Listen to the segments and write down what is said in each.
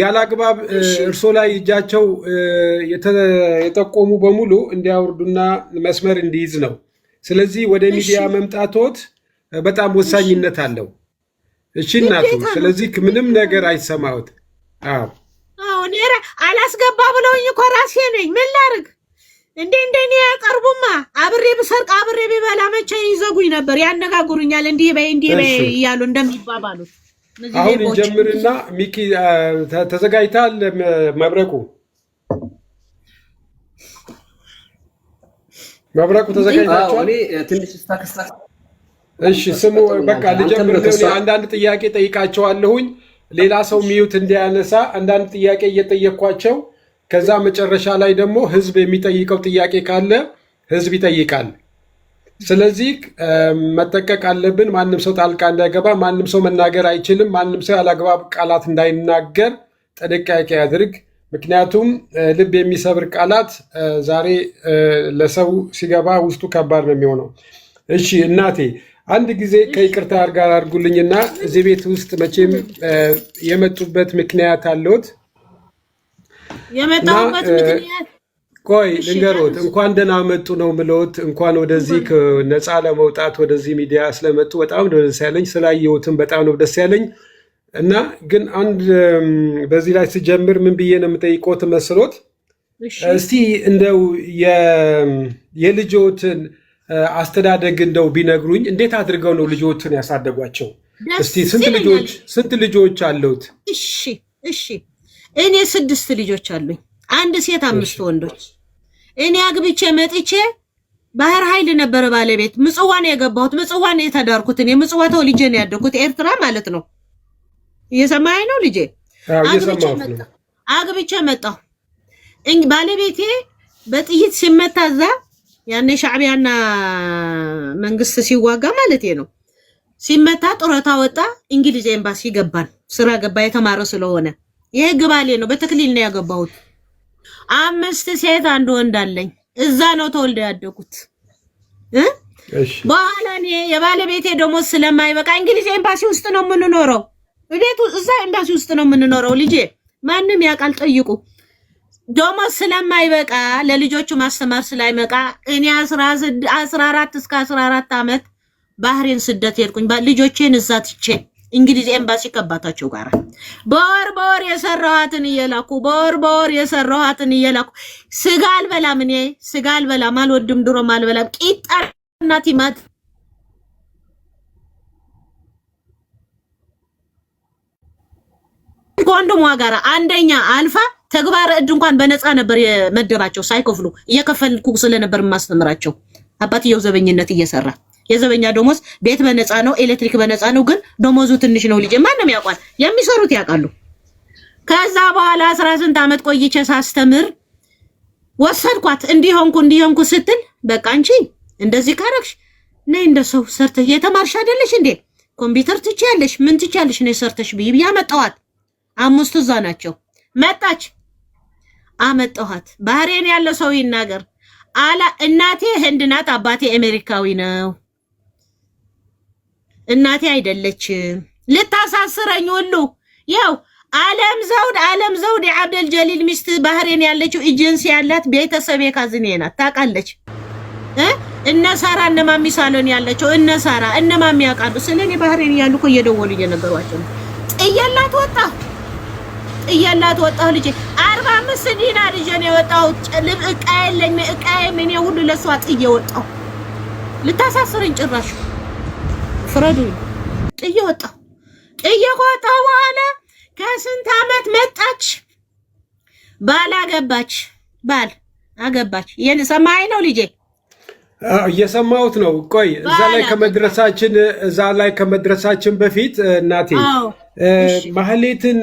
ያለ አግባብ እርሶ ላይ እጃቸው የጠቆሙ በሙሉ እንዲያወርዱና መስመር እንዲይዝ ነው። ስለዚህ ወደ ሚዲያ መምጣቶት በጣም ወሳኝነት አለው። እሺ እናቱ፣ ስለዚህ ምንም ነገር አይሰማሁት። አሁን አላስገባ ብለውኝ እኮ ራሴ ነኝ። ምን ላርግ? እንዴ እንደኔ ያቀርቡማ። አብሬ ብሰርቅ አብሬ ቢበላ መቼ ይዘጉኝ ነበር። ያነጋግሩኛል እንዲህ በይ እንዲህ በይ እያሉ እንደሚባባሉት አሁን እንጀምርና ሚኪ ተዘጋጅታል። መብረቁ መብረቁ ተዘጋጅታችኋል? እሺ ስሙ፣ በቃ ልጀምር። አንዳንድ ጥያቄ ጠይቃቸዋለሁኝ። ሌላ ሰው ሚዩት እንዳያነሳ አንዳንድ ጥያቄ እየጠየኳቸው ከዛ መጨረሻ ላይ ደግሞ ህዝብ የሚጠይቀው ጥያቄ ካለ ህዝብ ይጠይቃል። ስለዚህ መጠቀቅ አለብን። ማንም ሰው ጣልቃ እንዳይገባ፣ ማንም ሰው መናገር አይችልም። ማንም ሰው ያላግባብ ቃላት እንዳይናገር ጥንቃቄ ያድርግ። ምክንያቱም ልብ የሚሰብር ቃላት ዛሬ ለሰው ሲገባ ውስጡ ከባድ ነው የሚሆነው። እሺ እናቴ አንድ ጊዜ ከይቅርታ ጋር አድርጉልኝና እዚህ ቤት ውስጥ መቼም የመጡበት ምክንያት አለዎት። የመጣሁበት ምክንያት ቆይ ልንገሮት፣ እንኳን ደህና መጡ ነው ምለውት። እንኳን ወደዚህ ነፃ ለመውጣት ወደዚህ ሚዲያ ስለመጡ በጣም ነው ደስ ያለኝ። ስላየሁትም በጣም ነው ደስ ያለኝ። እና ግን አንድ በዚህ ላይ ስጀምር ምን ብዬ ነው የምጠይቆት መስሎት፣ እስቲ እንደው የልጆትን አስተዳደግ እንደው ቢነግሩኝ፣ እንዴት አድርገው ነው ልጆትን ያሳደጓቸው? እስቲ ስንት ልጆች ስንት ልጆች አለውት? እሺ እሺ፣ እኔ ስድስት ልጆች አሉኝ። አንድ ሴት አምስት ወንዶች። እኔ አግብቼ መጥቼ ባህር ኃይል ነበረ ባለቤት። ምጽዋን የገባሁት ምጽዋን የተዳርኩት እኔ ምጽዋ ተወልጄ ነው ያደግኩት፣ ኤርትራ ማለት ነው። እየሰማኸኝ ነው ልጄ? አግብቼ መጣሁ። ባለቤቴ በጥይት ሲመታ እዛ ያኔ ሻዕቢያና መንግስት ሲዋጋ ማለት ነው ሲመታ ጡረታ ወጣ። እንግሊዝ ኤምባሲ ገባን። ስራ ገባ የተማረ ስለሆነ የህግ ባሌ ነው። በተክሊል ነው ያገባሁት። አምስት ሴት አንድ ወንድ አለኝ። እዛ ነው ተወልደው ያደጉት። በኋላ እኔ የባለቤቴ ደሞዝ ስለማይበቃ እንግሊዝ ኤምባሲ ውስጥ ነው የምንኖረው። እቤቱ እዛ ኤምባሲ ውስጥ ነው የምንኖረው። ልጄ ማንም ያውቃል፣ ጠይቁ። ደሞዝ ስለማይበቃ ለልጆቹ ማስተማር ስላይመቃ እኔ አስራ አራት እስከ አስራ አራት ዓመት ባህሬን ስደት ሄድኩኝ ልጆቼን እዛ ትቼ እንግሊዝ ኤምባሲ ከአባታቸው ጋር በወር በወር የሰራኋትን እየላኩ በወር በወር የሰራኋትን እየላኩ ስጋ አልበላም፣ እኔ ስጋ አልበላም፣ አልወድም፣ ድሮም አልበላም። ቂጣና ቲማት ከወንድሟ ጋር አንደኛ አልፋ ተግባር እድ እንኳን በነፃ ነበር የመደባቸው ሳይከፍሉ፣ እየከፈልኩ ስለነበር የማስተምራቸው አባትየው ዘበኝነት እየሰራ የዘበኛ ደሞዝ ቤት በነፃ ነው፣ ኤሌክትሪክ በነፃ ነው። ግን ደሞዙ ትንሽ ነው። ልጅ ማንም ያውቋል፣ የሚሰሩት ያውቃሉ። ከዛ በኋላ አስራ ስንት ዓመት ቆይቼ ሳስተምር ወሰድኳት። እንዲሆንኩ እንዲሆንኩ ስትል በቃ አንቺ እንደዚህ ካረግሽ ነይ እንደ ሰው ሰርተሽ የተማርሽ አይደለሽ እንዴ? ኮምፒውተር ትችያለሽ፣ ምን ትችያለሽ? ነይ ሰርተሽ ብይ ብዬ አመጣኋት። አምስቱ እዛ ናቸው። መጣች፣ አመጣኋት። ባህሬን ያለ ሰው ይናገር አላ እናቴ ህንድ ናት፣ አባቴ አሜሪካዊ ነው። እናቴ አይደለችም ልታሳስረኝ ሁሉ ያው አለም ዘውድ አለም ዘውድ የአብደል ጀሊል ሚስት ባህሬን ያለችው ኤጀንሲ ያላት ቤተሰብ የካዝኔ ናት። ታውቃለች። እነ ሳራ እነ ማሚ ሳሎን ያለችው እነ ሳራ እነ ማሚ ያውቃሉ። ስለ እኔ ባህሬን እያሉ እኮ እየደወሉ እየነገሯቸው ነው። ጥያላት ወጣ ጥያላት ወጣሁ። ልጄ አርባ አምስት ዲና ልጄ ነው ልብ እቃ የለኝ እቃ የምን ሁሉ ለእሷ ጥዬ ወጣሁ። ልታሳስረኝ ጭራሽ ፍረዱ። ጥዬ ወጣሁ። ጥዬ ከወጣሁ በኋላ ከስንት ዓመት መጣች። ባል አገባች። ባል አገባች። ሰማኸኝ ነው ልጄ? እየሰማሁት ነው። ቆይ እዛ ላይ ከመድረሳችን እዛ ላይ ከመድረሳችን በፊት እናቴ ማህሌትን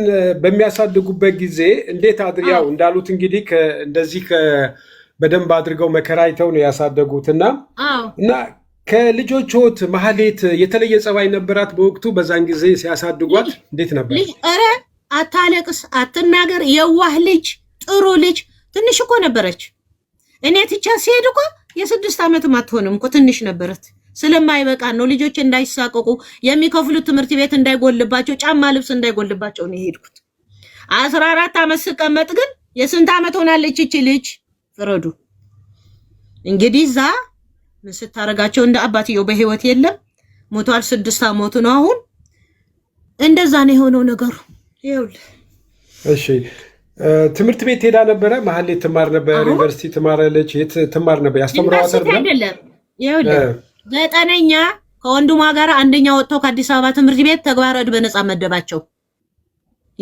በሚያሳድጉበት ጊዜ እንዴት አድርያው እንዳሉት እንግዲህ እንደዚህ በደንብ አድርገው መከራይተው ነው ያሳደጉት እና እና ከልጆች ወት ማህሌት የተለየ ጸባይ ነበራት በወቅቱ በዛን ጊዜ ሲያሳድጓት እንዴት ነበር? ኧረ አታለቅስ፣ አትናገር፣ የዋህ ልጅ፣ ጥሩ ልጅ። ትንሽ እኮ ነበረች። እኔ ትቻ ሲሄድ እኮ የስድስት ዓመትም አትሆንም እኮ ትንሽ ነበረት። ስለማይበቃ ነው ልጆች እንዳይሳቀቁ የሚከፍሉት ትምህርት ቤት እንዳይጎልባቸው፣ ጫማ ልብስ እንዳይጎልባቸው ነው የሄድኩት። አስራ አራት ዓመት ስቀመጥ ግን የስንት ዓመት ሆናለች እቺ ልጅ? ፍረዱ እንግዲህ እዛ ምን ስታረጋቸው እንደ አባትየው በህይወት የለም ሞቷል። ስድስት አመቱ ነው አሁን። እንደዛ ነው የሆነው ነገሩ። ይኸውልህ እሺ ትምህርት ቤት ሄዳ ነበረ። መሀል ትማር ነበር፣ ዩኒቨርሲቲ ትማራለች። የት ትማር ነበር? ያስተምረዋል አይደለም? ይኸውልህ ዘጠነኛ ከወንድሟ ጋር አንደኛ ወጥተው ከአዲስ አበባ ትምህርት ቤት ተግባረ ዕድ በነፃ መደባቸው።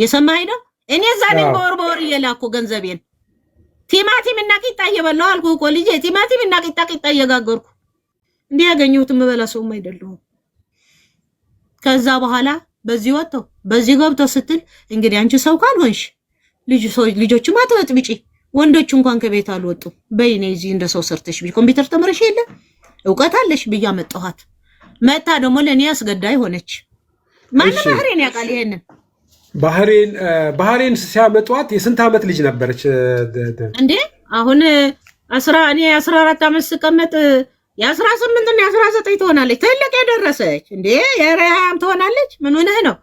የሰማኸኝ ነው። እኔ እዛ ነኝ፣ በወር በወር እየላኩ ገንዘቤን ቲማቲም እና ቂጣ እየበላሁ አልኩ እኮ ልጄ። ቲማቲም እና ቂጣ ቂጣ እየጋገርኩ እንዲህ ያገኘሁት የምበላ ሰውም አይደለሁም። ከዛ በኋላ በዚህ ወጥተው በዚህ ገብተው ስትል እንግዲህ አንቺ ሰው ካልሆንሽ ልጆችም አትበጥብጪ። ወንዶች እንኳን ከቤት አልወጡም። በይኔ እኔ እዚህ እንደ ሰው ሰርተሽ ኮምፒውተር ተምረሽ የለ እውቀት አለሽ ብዬ አመጣኋት። መታ ደግሞ ለእኔ አስገዳይ ሆነች። ማንም ባህሬን ያውቃል ይሄንን ባህሬን ሲያመጧት የስንት ዓመት ልጅ ነበረች እንዴ? አሁን አስራ እኔ የአስራ አራት ዓመት ስቀመጥ የአስራ ስምንት እና የአስራ ዘጠኝ ትሆናለች። ትልቅ የደረሰች እንዴ የረሃም ትሆናለች። ምን ሆነህ ነው?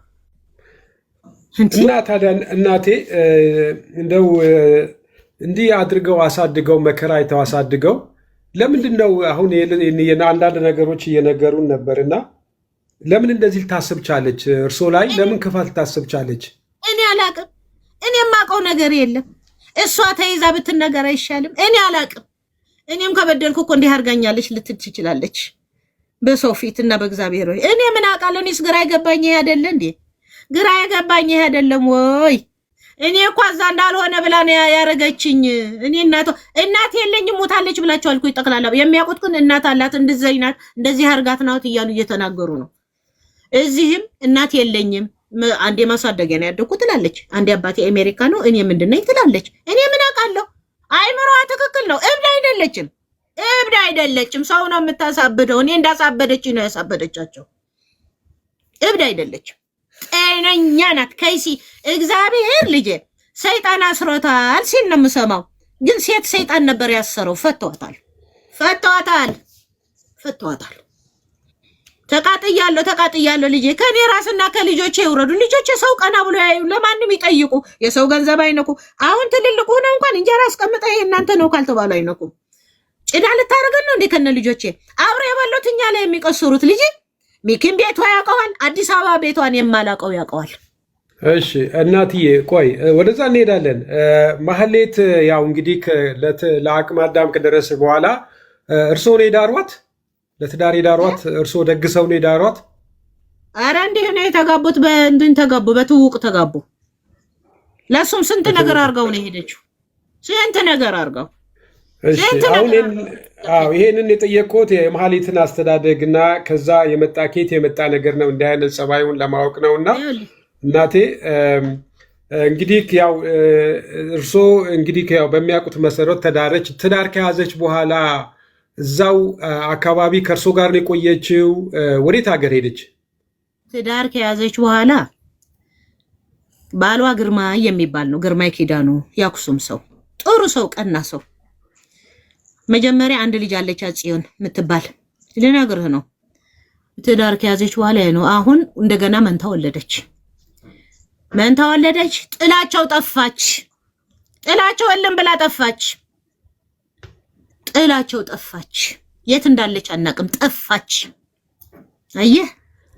እና ታዲያ እናቴ እንደው እንዲህ አድርገው አሳድገው መከራ አይተው አሳድገው ለምንድን ነው አሁን አንዳንድ ነገሮች እየነገሩን ነበርና ለምን እንደዚህ ልታስብ ቻለች? እርሶ ላይ ለምን ክፋት ልታስብ ቻለች? እኔ አላቅም። እኔ የማውቀው ነገር የለም። እሷ ተይዛ ብትነገር አይሻልም? እኔ አላቅም። እኔም ከበደልኩ እኮ እንዲህ አርጋኛለች ልትል ትችላለች፣ በሰው ፊት እና በእግዚአብሔር ወይ እኔ ምን አውቃለሁ? እኔስ ግራ የገባኝ ይሄ አይደለ እንዴ? ግራ የገባኝ ይሄ አይደለም ወይ? እኔ እኮ እዛ እንዳልሆነ ብላ ነው ያረገችኝ። እኔ እናት እናት የለኝም ሞታለች ብላችኋል እኮ ጠቅላላ የሚያውቁት ግን እናት አላት፣ እንደዚህ እንደዚህ አርጋት ናት እያሉ እየተናገሩ ነው። እዚህም እናት የለኝም አንዴ ማሳደጊያ ነው ያደኩ ትላለች። አንዴ አባቴ አሜሪካ ነው እኔ ምንድነኝ ትላለች። እኔ ምን አውቃለሁ። አይምሮዋ ትክክል ነው። እብድ አይደለችም፣ እብድ አይደለችም። ሰው ነው የምታሳብደው። እኔ እንዳሳበደች ነው ያሳበደቻቸው። እብድ አይደለችም፣ ጤነኛ ናት። ከይሲ እግዚአብሔር ልጄ ሰይጣን አስሮታል ሲል ነው የምሰማው። ግን ሴት ሰይጣን ነበር ያሰረው። ፈቷታል፣ ፈቷታል፣ ፈተዋታል። ተቃጥያለሁ ተቃጥያለሁ። ልጄ ከእኔ ራስና ከልጆቼ ይውረዱ። ልጆቼ ሰው ቀና ብሎ ያዩ፣ ለማንም ይጠይቁ፣ የሰው ገንዘብ አይነኩ። አሁን ትልልቁ ሆነ እንኳን እንጀራ አስቀምጠ ይሄ እናንተ ነው ካልተባሉ አይነኩ። ጭዳ ልታደርገን ነው እንዴ? ከነ ልጆቼ አብሮ የበሉት እኛ ላይ የሚቀስሩት ልጅ ሚኪን ቤቷ ያውቀዋል። አዲስ አበባ ቤቷን የማላውቀው ያውቀዋል። እሺ እናትዬ ቆይ ወደዛ እንሄዳለን። ማህሌት ያው እንግዲህ ለአቅመ አዳም ከደረሰ በኋላ ነው ሄዳሯት ለትዳር የዳሯት እርስዎ ደግሰው ነው የዳሯት? አረ እንዲህ ነው የተጋቡት። በእንትን ተጋቡ፣ በትውቅ ተጋቡ። ለእሱም ስንት ነገር አድርገው ነው የሄደችው። ስንት ነገር አድርገው ይሄንን የጠየቅኩት የመሀሊትን አስተዳደግ እና ከዛ የመጣ ኬት የመጣ ነገር ነው እንዲህ አይነት ጸባዩን ለማወቅ ነው። እና እናቴ እንግዲህ ያው እርስዎ እንግዲህ ያው በሚያውቁት መሰረት ተዳረች። ትዳር ከያዘች በኋላ እዛው አካባቢ ከእርሶ ጋር ነው የቆየችው? ወዴት ሀገር ሄደች? ትዳር ከያዘች በኋላ ባሏ ግርማ የሚባል ነው፣ ግርማ ኪዳኑ ያኩሱም ሰው፣ ጥሩ ሰው፣ ቀና ሰው። መጀመሪያ አንድ ልጅ አለች ጽዮን የምትባል ልነግርህ ነው። ትዳር ከያዘች በኋላ ነው። አሁን እንደገና መንታ ወለደች፣ መንታ ወለደች። ጥላቸው ጠፋች፣ ጥላቸው እልም ብላ ጠፋች። ጥላቸው ጠፋች። የት እንዳለች አናቅም፣ ጠፋች። አየህ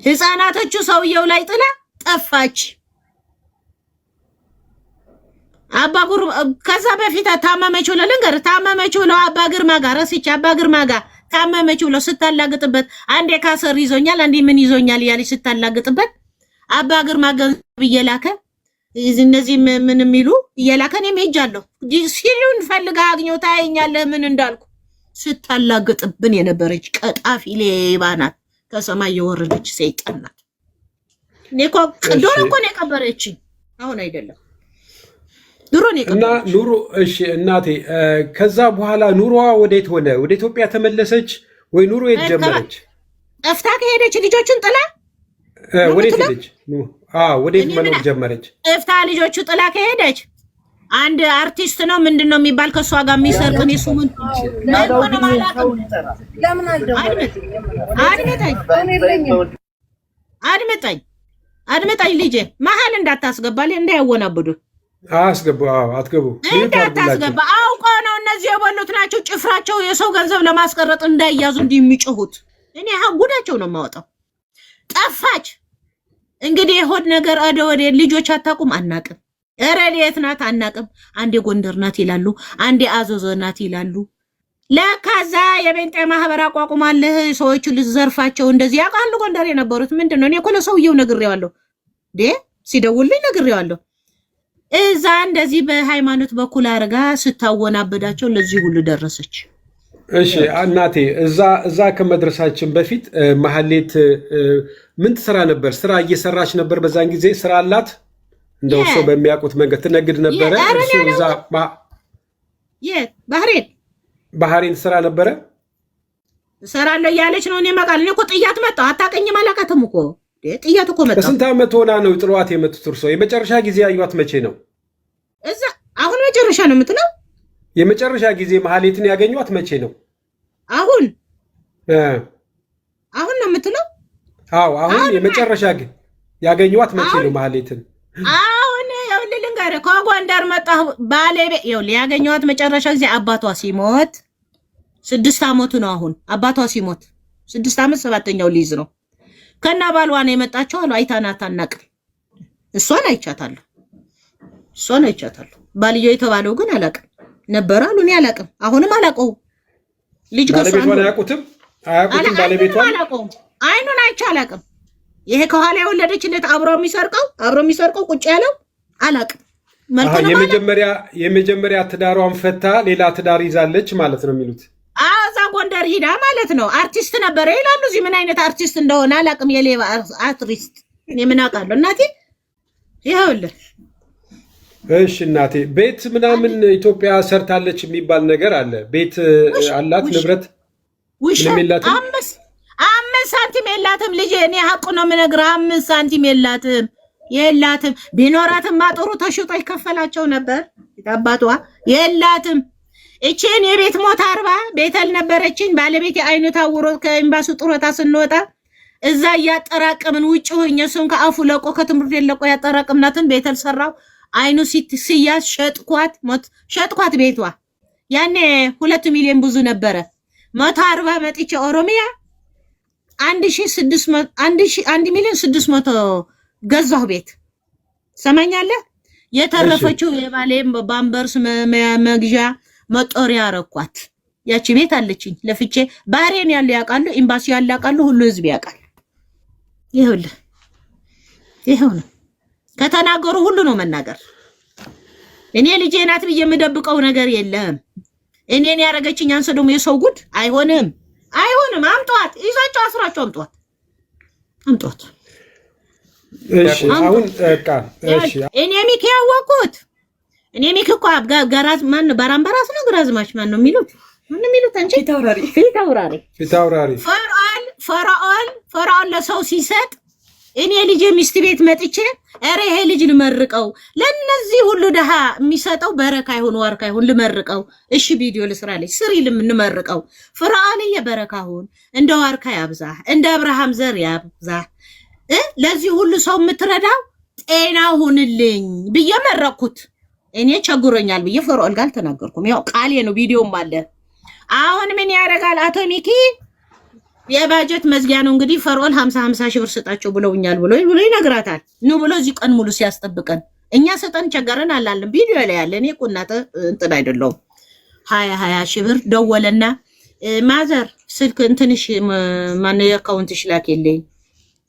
ህፃናቶቹ ሰውየው ላይ ጥላ ጠፋች። አባ ጉር ከዛ በፊት ታመመች ብለው ልንገር፣ ታመመች ብለው አባ ግርማ ጋር ረስቼ አባ ግርማ ጋር ታመመች ብለው ስታላግጥበት፣ አንዴ ካሰር ይዞኛል፣ አንዴ ምን ይዞኛል እያለች ስታላግጥበት፣ አባ ግርማ ገንዘብ እየላከ እነዚህ ምን የሚሉ እየላከን ሄጃለሁ ሲሉ እንፈልጋ አግኘው ታየኛለህ ምን እንዳልኩ ስታላግጥብን የነበረች ቀጣፊ ሌባ ናት። ከሰማይ የወረደች ሰይጣን ናት። ዶሮ እኮ ነው የቀበረችኝ፣ አሁን አይደለም ድሮ ነው የቀበረች። ኑሮ እሺ፣ እናቴ ከዛ በኋላ ኑሮዋ ወዴት ሆነ? ወደ ኢትዮጵያ ተመለሰች ወይ? ኑሮ የት ጀመረች? ጠፍታ ከሄደች ልጆቹን ጥላ ወዴት ሄደች? ወዴት መኖር ጀመረች? ጠፍታ ልጆቹ ጥላ ከሄደች አንድ አርቲስት ነው ምንድን ነው የሚባል ከእሷ ጋር የሚሰርቅን የሱ ምን ሆነ አድምጠኝ አድምጠኝ ልጄ መሀል እንዳታስገባ እንዳያወናብዱ አትገቡ እንዳታስገባ አውቀ ነው እነዚህ የበሉት ናቸው ጭፍራቸው የሰው ገንዘብ ለማስቀረጥ እንዳያዙ እንዲህ የሚጮሁት እኔ ጉዳቸው ነው የማወጣው ጠፋች እንግዲህ የሆድ ነገር አደወደ ልጆች አታውቁም አናቅም። እረ የት ናት አናቅም። አንዴ ጎንደር ናት ይላሉ፣ አንዴ አዘዞ ናት ይላሉ። ለካዛ የጴንጤ ማህበር አቋቁማለህ ሰዎቹ ልዘርፋቸው እንደዚህ ያውቃሉ። ጎንደር የነበሩት ምንድን ነው? እኔ እኮ ለሰውየው ነግሬዋለሁ፣ ዴ ሲደውልኝ ነግሬዋለሁ። እዛ እንደዚህ በሃይማኖት በኩል አድርጋ ስታወናበዳቸው ለዚህ ሁሉ ደረሰች። እሺ እናቴ፣ እዛ እዛ ከመድረሳችን በፊት ማህሌት ምን ትሰራ ነበር? ስራ እየሰራች ነበር በዛን ጊዜ ስራ አላት እንደው እርስዎ በሚያውቁት መንገድ ትነግድ ነበረ? እዛ ባህሬን ባህሬን ስራ ነበረ እሰራለሁ እያለች ነው። እኔ እመጣለሁ። እኔ እኮ ጥያት መጣሁ። አታውቅኝም፣ አላውቃትም እኮ ጥያት እኮ መጣሁ። በስንት ዓመት ሆና ነው ጥሏት የመጡት? እርስዎ የመጨረሻ ጊዜ ያዩት መቼ ነው? እዛ አሁን መጨረሻ ነው የምትለው? የመጨረሻ ጊዜ መሀሌትን ያገኟት መቼ ነው? አሁን አሁን ነው የምትለው? አዎ አሁን የመጨረሻ ያገኟት መቼ ነው መሀሌትን? ጎንደር ከጎንደር መጣሁ ባሌ ቤት ይኸውልህ፣ ያገኘኋት መጨረሻ ጊዜ አባቷ ሲሞት ስድስት አመቱ ነው። አሁን አባቷ ሲሞት ስድስት አመት ሰባተኛው ሊይዝ ነው። ከና ባልዋ ነው የመጣቸው አሉ አይታና ታናቅ እሷን አይቻታለሁ፣ እሷን አይቻታለሁ። ባልየው የተባለው ግን አላቅም ነበር አሉ። እኔ አላቅም፣ አሁንም አላቀው። ልጅ ጋር አያውቁትም፣ አያውቁትም። ባለቤቷ አላቀውም፣ አይኑን አይቼ አላቅም። ይሄ ከኋላ የወለደች እንዴት አብሮ የሚሰርቀው አብሮ የሚሰርቀው ቁጭ ያለው አላቅም። የመጀመሪያ ትዳሯን ፈታ ሌላ ትዳር ይዛለች ማለት ነው የሚሉት። እዛ ጎንደር ሂዳ ማለት ነው አርቲስት ነበረ ይላሉ። እዚህ ምን አይነት አርቲስት እንደሆነ አላቅም። የሌባ አርቲስት እኔ አውቃለሁ እናቴ። ይኸውልህ እሺ እናቴ ቤት ምናምን ኢትዮጵያ ሰርታለች የሚባል ነገር አለ። ቤት አላት፣ ንብረት ምንም አምስት ሳንቲም የላትም ልጄ። እኔ ሀቁ ነው የምነግርህ። አምስት ሳንቲም የላትም። የላትም። ቢኖራትማ ጥሩ ተሽጦ ይከፈላቸው ነበር። አባቷ የላትም። እቺን የቤት ሞት አርባ ቤተል ነበረችኝ ባለቤት የአይኑ ታውሮ ከኤምባሱ ጡረታ ስንወጣ እዛ እያጠራቅምን ውጭ ሆኜ እሱን ከአፉ ለቆ ከትምህርት ቤት ለቆ ያጠራቅምናትን ቤተል ሰራው። አይኑ ሲያዝ ሸጥኳት፣ ሞት ሸጥኳት። ቤቷ ያኔ ሁለት ሚሊዮን ብዙ ነበረ። መቶ አርባ መጥቼ ኦሮሚያ አንድ ሺህ ስድስት መቶ አንድ ሚሊዮን ስድስት መቶ ገዛሁ ቤት ሰማኛለህ። የተረፈችው የባሌም ባምበርስ መግዣ መጦሪያ አረኳት። ያቺ ቤት አለችኝ ለፍቼ። ባህሬን ያለ ያውቃሉ፣ ኤምባሲ ያለ ያውቃሉ፣ ሁሉ ህዝብ ያውቃል። ይኸውልህ ይኸው ነው ከተናገሩ ሁሉ ነው መናገር። እኔ ልጄ ናት ብዬ የምደብቀው ነገር የለም። እኔን ያደረገችኝ አንሰ ደግሞ የሰው ጉድ አይሆንም፣ አይሆንም። አምጧት፣ ይዛቸው አስሯቸው፣ አምጧት፣ አምጧት። እኔ ሚክ ያወቅሁት እኔ ሚክ እኮ ገራዝ ማነው በራምበራስ ነው ግራዝማች ማን ነው የሚሉት ምን የሚሉት አንቺ ፊታውራሪ ፊታውራሪ ፊታውራሪ ፈርዖን ፈርዖን ፈርዖን ለሰው ሲሰጥ እኔ ልጅ ሚስት ቤት መጥቼ ኧረ ይሄ ልጅ ልመርቀው ለእነዚህ ሁሉ ድሃ የሚሰጠው በረካ ይሁን ዋርካ ይሁን ልመርቀው። እሺ ቪዲዮ ልስራለች ስሪ ልምንመርቀው ፍርዖንዬ በረካ ሁን እንደ ዋርካ ያብዛህ እንደ አብርሃም ዘር ያብዛህ ለዚህ ሁሉ ሰው የምትረዳው ጤና ሁንልኝ ብዬ መረኩት። እኔ ቸግሮኛል ብዬ ፈርዖን ጋር አልተናገርኩም። ያው ቃሌ ነው፣ ቪዲዮም አለ። አሁን ምን ያደርጋል አቶ ሚኪ የባጀት መዝጊያ ነው እንግዲህ ፈርዖን ሀምሳ ሀምሳ ሺህ ብር ስጣቸው ብለውኛል ብሎ ብሎ ይነግራታል። ኑ ብሎ እዚህ ቀን ሙሉ ሲያስጠብቀን እኛ ሰጠን ቸገረን አላለን። ቪዲዮ ላይ ያለ እኔ ቁናተ እንትን አይደለውም። ሀያ ሀያ ሺህ ብር ደወለና ማዘር ስልክ እንትንሽ ማን አካውንትሽ ላክ የለኝ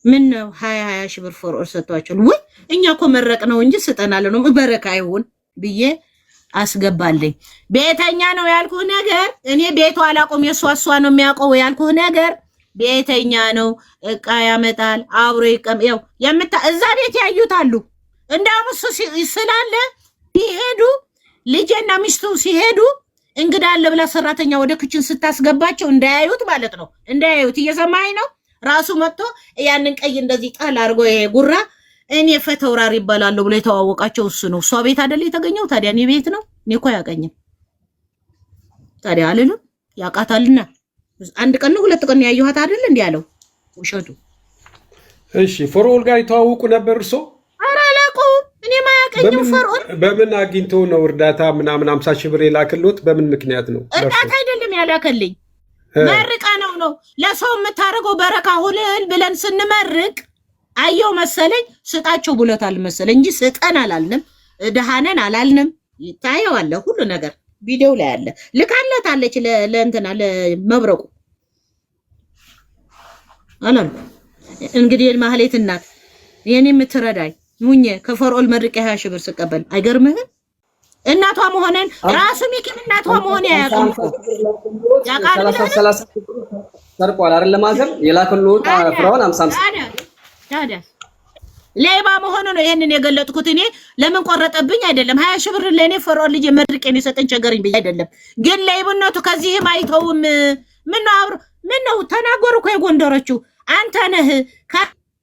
ምን ነው ሀያ ሀያ ሺህ ብር ፎር ሰጥቷቸዋል ወይ? እኛ እኮ መረቅ ነው እንጂ ስጠናለ ነው በረካ አይሆን ብዬ አስገባልኝ። ቤተኛ ነው ያልኩህ ነገር እኔ ቤቷ አላቆም የእሷ እሷ ነው የሚያውቀው ያልኩህ ነገር ቤተኛ ነው። እቃ ያመጣል አብሮ ይቀም ያው የምታ እዛ ቤት ያዩታሉ። እንዳውም እሱ ስላለ ሲሄዱ ልጄና ሚስቱ ሲሄዱ እንግዳ አለ ብላ ሰራተኛ ወደ ክችን ስታስገባቸው እንዳያዩት ማለት ነው እንዳያዩት እየሰማኸኝ ነው ራሱ መጥቶ ያንን ቀይ እንደዚህ ጣል አድርጎ ይሄ ጉራ እኔ ፈተውራር ይባላለሁ ብሎ የተዋወቃቸው እሱ ነው። እሷ ቤት አይደል የተገኘው? ታዲያ እኔ ቤት ነው እኔ እኮ ያገኝም ታዲያ አልልም ያውቃታልና አንድ ቀን ነው ሁለት ቀን ነው ያየኋት አይደል እንዴ ያለው ውሸቱ። እሺ ፈርዖን ጋር የተዋወቁ ነበር እርሶ? ኧረ አላውቀውም እኔ ማያውቀኝም ፈርዖን። በምን አግኝቶ ነው እርዳታ ምናምን አምሳ ሺህ ብር የላክልዎት? በምን ምክንያት ነው? እርዳታ አይደለም ያላከልኝ መርቃ ነው ለሰው የምታደርገው በረካ ሁልህል ብለን ስንመርቅ አየው መሰለኝ ስጣቸው ብሎታል መሰለኝ እንጂ ስጠን አላልንም፣ ድሃነን አላልንም። ይታየው ሁሉ ነገር ቪዲዮ ላይ አለ። ልካለት አለች ለእንትና ለመብረቁ አላል እንግዲህ ማህሌት እናት የኔ የምትረዳኝ ሙኜ ከፈርኦል መርቅ ሀያ ሺህ ብር ስቀበል አይገርምህም? እናቷ መሆንን ራሱ ሚኪም እናቷ መሆን ያያውቁ ሰርቋል አይደል? ለማዘም የላክሎት ፍራውን አምሳ ሌባ መሆኑ ነው። ይሄንን የገለጥኩት እኔ ለምን ቆረጠብኝ አይደለም። ሀያ ሺህ ብር ለእኔ ፍራውን ልጅ መድርቄን የሰጠኝ ቸገረኝ ብዬ አይደለም። ግን ሌብነቱ ከዚህም አይተውም። ምነው አብሮ ነው ተናገሩ እኮ የጎንደሮቹ አንተ ነህ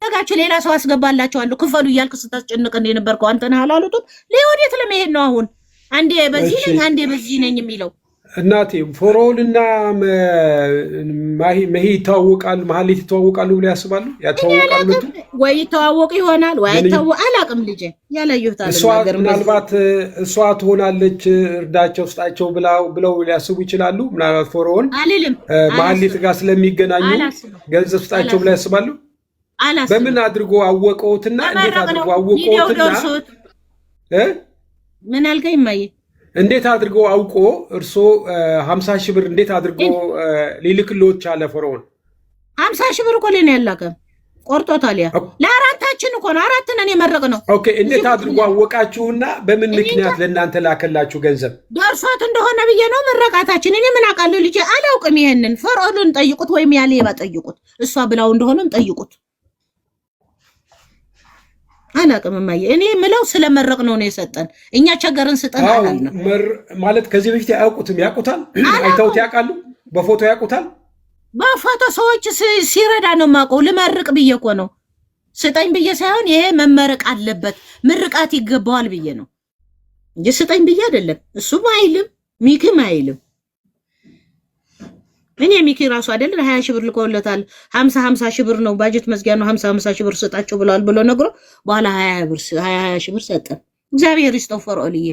ነጋችሁ ሌላ ሰው አስገባላችኋለሁ ክፈሉ እያልክ ስታስጨንቅን የነበርከው አንተ ነህ አላሉትም። ወዴት ለመሄድ ነው አሁን? አንዴ በዚህ ነኝ አንዴ በዚህ ነኝ የሚለው እናቴ እና መሄ ይተዋወቃሉ፣ መሀሌት ይተዋወቃሉ ብሎ ያስባሉ። ያተዋወቃሉ ወይ ይተዋወቁ ይሆናል ወይ አይተው አላቅም። ልጄ ያላየሁታል። ምናልባት እሷ ትሆናለች እርዳቸው ስጣቸው ብለው ሊያስቡ ይችላሉ። ምናልባት ፎሮውን አልልም መሀሌት ጋር ስለሚገናኙ ገንዘብ ስጣቸው ብላ ያስባሉ። በምን አድርጎ አወቀውትና እንዴት አድርጎ አወቀውትና ምን አልከ? እማዬ? እንዴት አድርጎ አውቆ እርሶ ሀምሳ ሺህ ብር እንዴት አድርጎ ሊልክልዎት አለ ፈርዖን ሀምሳ ሺህ ብር እኮ ሌን ያላከም ቆርጦታል። ያ ለአራታችን እኮ ነው፣ አራት ነን የመረቅነው። እንዴት አድርጎ አወቃችሁና በምን ምክንያት ለእናንተ ላከላችሁ ገንዘብ? ደርሷት እንደሆነ ብዬ ነው መረቃታችን። እኔ ምን አውቃለሁ ልጄ፣ አላውቅም። ይሄንን ፈርዖንን ጠይቁት፣ ወይም ያሌባ ጠይቁት። እሷ ብላው እንደሆነም ጠይቁት። አላቅም እማዬ፣ እኔ ምለው ስለመረቅ ነው ነው የሰጠን። እኛ ቸገርን ስጠን አላልነው ማለት ከዚህ በፊት አያውቁትም። ያውቁታል፣ አይተውት ያውቃሉ፣ በፎቶ ያውቁታል። በፎቶ ሰዎች ሲረዳ ነው የማውቀው። ልመርቅ ብዬ እኮ ነው ስጠኝ ብዬ ሳይሆን ይሄ መመረቅ አለበት ምርቃት ይገባዋል ብዬ ነው እንጂ ስጠኝ ብዬ አይደለም። እሱም አይልም ሚክም አይልም። እኔ ሚኪ ራሱ አይደል ሀያ ሺህ ብር ልኮለታል። ሀምሳ ሀምሳ ሺህ ብር ነው ባጀት መዝጊያ ነው። ሀምሳ ሀምሳ ሺህ ብር ሰጣቸው ብለዋል ብሎ ነግሮ በኋላ ሀያ ሀያ ሺህ ብር ሰጠ። እግዚአብሔር ይስጠው ፈርዖልዬ